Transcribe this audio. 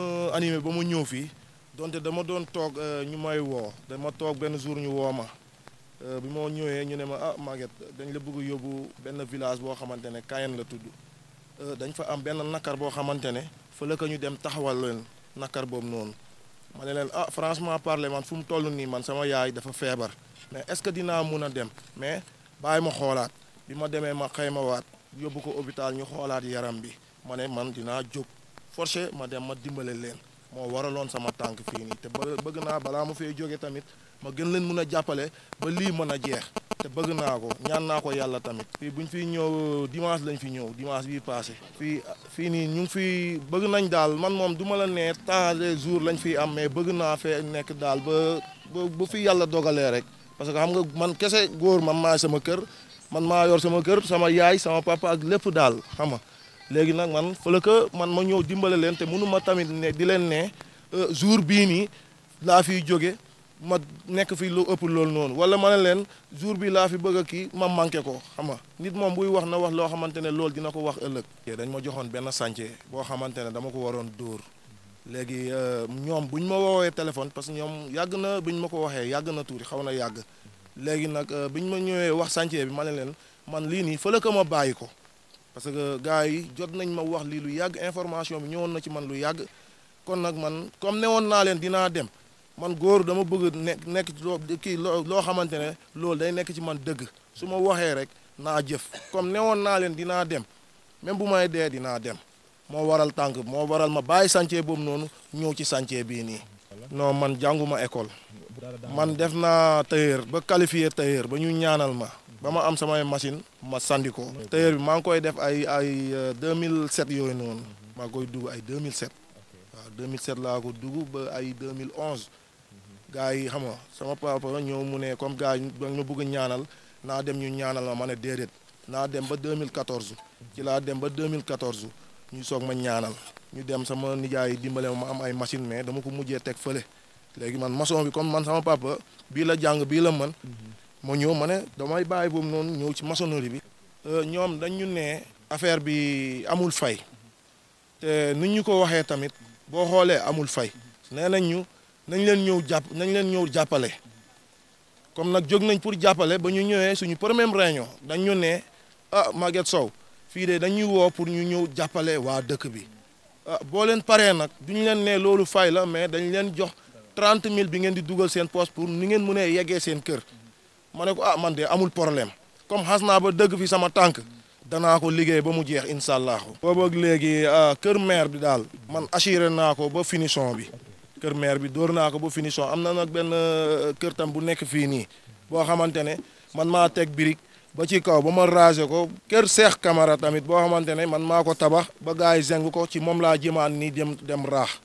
Euh, animé ba mu ñëw fii donte dama doon toog euh, ñu may woo dama toog benn jour ñu woo ma euh, bi moo ñëwee ñu ne ma ah Maguette dañ la bëgg yóbbu benn village boo xamante ne Kayen la tudd dañ fa am benn nakar boo xamante ne fa ko ñu dem taxawal leen nakar boobu noonu ma ne leen ah franchement parler man fu mu toll nii man sama yaay dafa feebar mais est dinaa mun a dem mais bàyyi ma xoolaat bi ma demee ma xayma waat yóbbu ko hôpital ñu xoolaat yaram bi ma ne man dinaa jóg forcé ma dem ma dimbale leen moo waraloon sama tànk fii nii te bëgg naa balaa ma fee jóge tamit ma gën leen mën a jàppale ba lii mën a jeex te bëgg naa ko ñaan naa ko yàlla tamit. fii bu ñu fiy ñëw dimanche lañ fi ñëw dimanche bii passé. fii fii nii ñu ngi fi bëgg nañ daal man moom du ma la nee temps de jour lañ fiy am mais bëgg naa fee nekk daal ba ba bu fi yàlla dogalee rek. parce que xam nga man kese góor man maay sama kër man maa yor sama kër sama yaay sama papa ak lépp daal xam nga léegi nag man fële que man ma ñëw dimbale leen te mënu ma tamit ne di leen ne euh, jour bii nii laa fiy jóge ma nekk fi lu ëpp loolu noonu wala ma ne leen jour bi laa fi bëgg a kii ma manqué ko xam nga nit moom buy wax na wax loo xamante ne loolu dina ko wax ëllëg. dañ ma joxoon benn sànce boo xamante ne dama ko waroon dóor. léegi euh, ñoom bu ñu ma woowee téléphone parce que ñoom yàgg na bi ñu ma ko waxee yàgg na tuuti xaw na yàgg léegi nag euh, bi ñu ma ñëwee wax chantier bi ma ne leen man lii nii fële que ma bàyyi ko parce que gars yi jot nañ ma wax lii lu yàgg information bi ñëwoon na ci man lu yàgg kon nag man comme newoon naa leen dinaa dem man góor dama bëgg nekk nekk loo kii loo xamante ne loolu day nekk ci man dëgg su ma waxee rek naa jëf comme newoon naa leen dinaa dem même bu may dee dinaa dem. moo waral tànk moo waral ma bàyyi chantier boobu noonu ñëw ci chantier bii nii. non man jànguma école. man def naa tailleur ba qualifié tailleur ba ñu ñaanal ma. ba ma am samay machine ma ko. tailleur maa ngi koy def ay ay 2007 euh, yooyu noonu. maa koy dugg ay 2007. waaw 2007 laa ko dugg ba ay 2011. gars yi xam nga sama papa ñëw mu ne comme gars yi ñu bëgg ñaanal naa dem ñu ñaanal ma ma ne déedéet naa dem ba 2014. ci laa dem ba 2014. ñu soog ma ñaanal ñu dem sama nijaay dimbale ma am ay machine mais dama ko mujjee teg fële léegi man maçon bi comme man sama papa bii la jàng bii la mën ma ñëw ma ne damay bàyyi boobu noonu ñëw ci maçonnerie bi euh, ñoom dañ ñu nee affaire bi amul fay te ni ñu ko waxee tamit boo xoolee amul fay nee nañ ñu nañ leen ñëw jàpp nañ leen ñëw jàppale comme nag jóg nañ pour jàppale ba ñu ñëwee suñu première réunion dañ ñu ne ah Maguette Sow fii de dañuy woo pour ñu ñëw jàppale waa dëkk bi ah, boo leen paree nag du leen nee loolu fay la mais dañ leen jox trente mille bi ngeen di dugal seen poste pour ni ngeen mënee yeggee seen kër ma ne ko ah man de amul problème comme xas naa ba dëkk fi sama tànk danaa ko liggéey ba mu jeex incha allahu. boobu ak léegi ah, kër maire bi daal man assuré naa ko ba finition bi kër maire bi dóor naa ko ba finition am na nag benn euh, kër tam bu nekk fii nii boo xamante ne man maa teg birig ba ci kaw ba ma ragé ko kër Seex kamara tamit boo xamante ne man maa ko tabax ba gars yi zeng ko ci moom laa jimaan ni dem dem raax